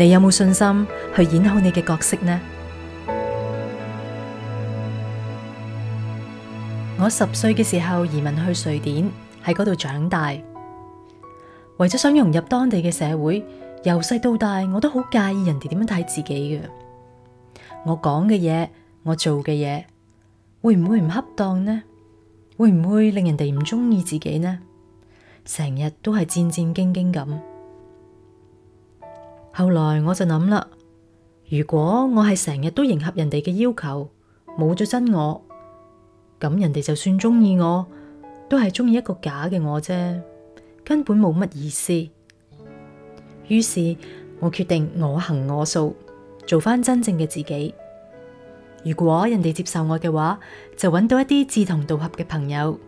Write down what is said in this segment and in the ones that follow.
你有冇信心去演好你嘅角色呢？我十歲嘅時候移民去瑞典，喺嗰度長大，為咗想融入當地嘅社會，由細到大我都好介意人哋點樣睇自己嘅。我講嘅嘢，我做嘅嘢，會唔會唔恰當呢？會唔會令人哋唔中意自己呢？成日都係戰戰兢兢咁。後來我就諗啦，如果我係成日都迎合人哋嘅要求，冇咗真我，咁人哋就算中意我，都係中意一個假嘅我啫，根本冇乜意思。於是我決定我行我素，做翻真正嘅自己。如果人哋接受我嘅話，就搵到一啲志同道合嘅朋友；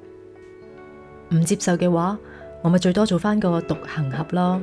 唔接受嘅話，我咪最多做翻個獨行俠咯。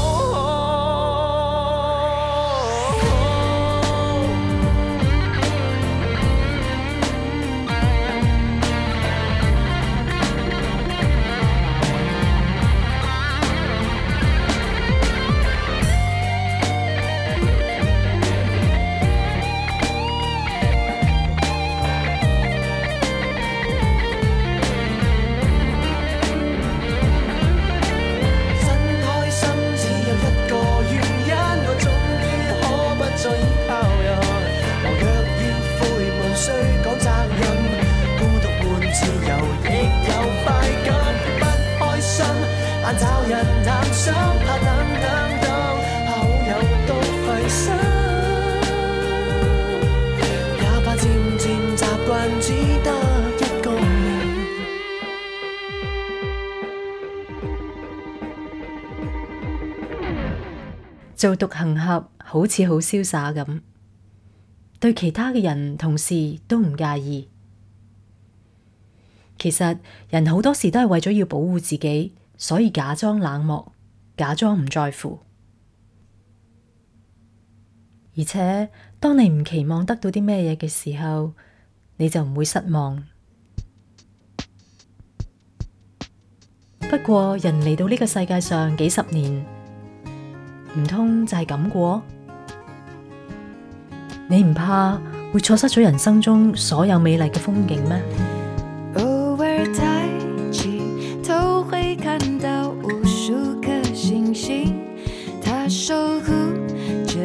做獨行俠好似好瀟灑咁，對其他嘅人同事都唔介意。其實人好多時都係為咗要保護自己，所以假裝冷漠，假裝唔在乎。而且當你唔期望得到啲咩嘢嘅時候，你就唔會失望。不過人嚟到呢個世界上幾十年。唔通就係咁過？你唔怕會錯失咗人生中所有美麗嘅風景咩？偶爾抬起頭會看到無數顆星星，它守護着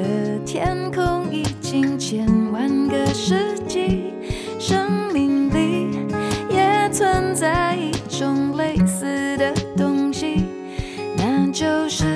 天空已經千萬個世紀。生命裏也存在一種類似的東西，那就是。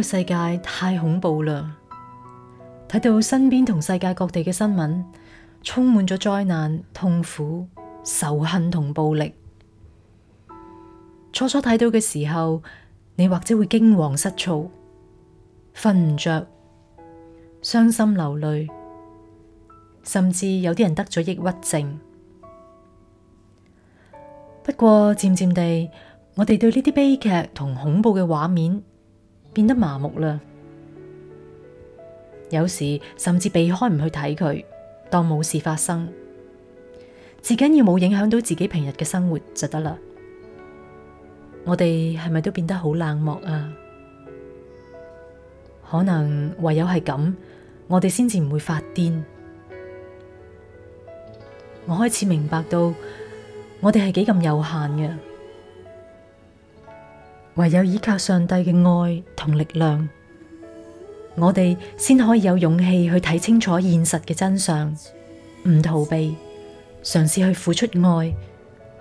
個世界太恐怖啦！睇到身邊同世界各地嘅新聞，充滿咗災難、痛苦、仇恨同暴力。初初睇到嘅時候，你或者會驚惶失措、瞓唔着、傷心流淚，甚至有啲人得咗抑鬱症。不過漸漸地，我哋對呢啲悲劇同恐怖嘅畫面。變得麻木了，有時甚至避開唔去睇佢，當冇事發生，至緊要冇影響到自己平日嘅生活就得了。我哋係咪都變得好冷漠啊？可能唯有係咁，我哋先至唔會發癲。我開始明白到，我哋係幾咁有限嘅。唯有依靠上帝嘅愛同力量，我哋先可以有勇氣去睇清楚現實嘅真相，唔逃避，嘗試去付出愛，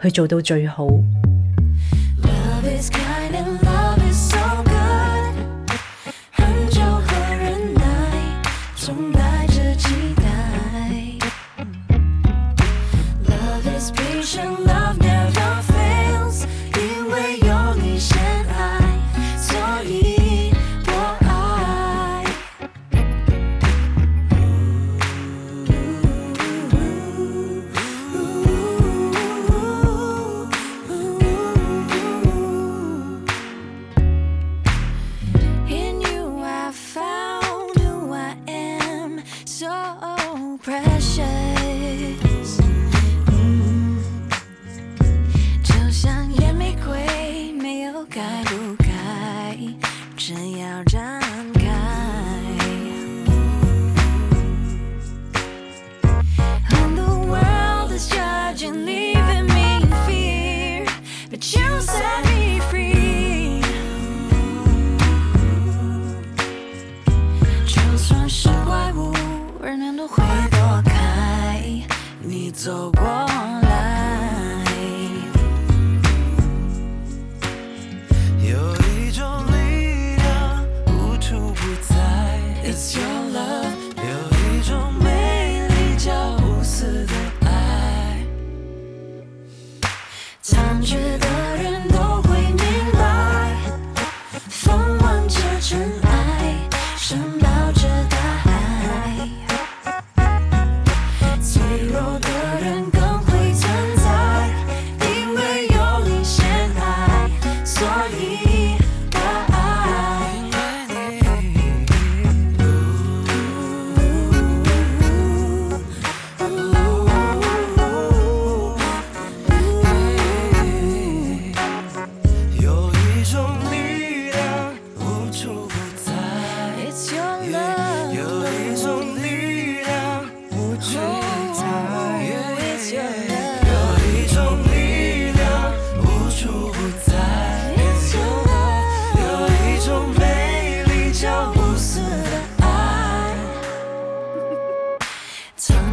去做到最好。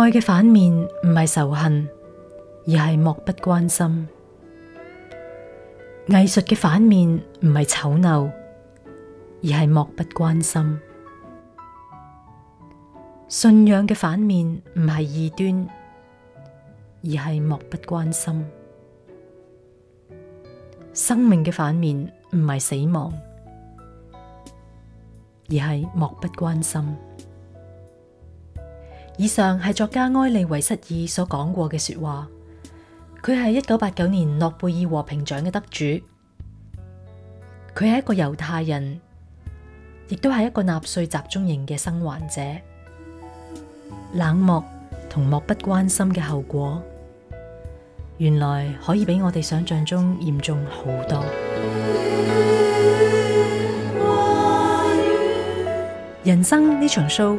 愛嘅反面唔係仇恨，而係漠不關心；藝術嘅反面唔係醜陋，而係漠不關心；信仰嘅反面唔係異端，而係漠不關心；生命嘅反面唔係死亡，而係漠不關心。以上係作家埃利維瑟爾所講過嘅說話。佢係一九八九年諾貝爾和平獎嘅得主。佢係一個猶太人，亦都係一個納粹集中營嘅生還者。冷漠同漠不關心嘅後果，原來可以比我哋想象中嚴重好多。人生呢場 show。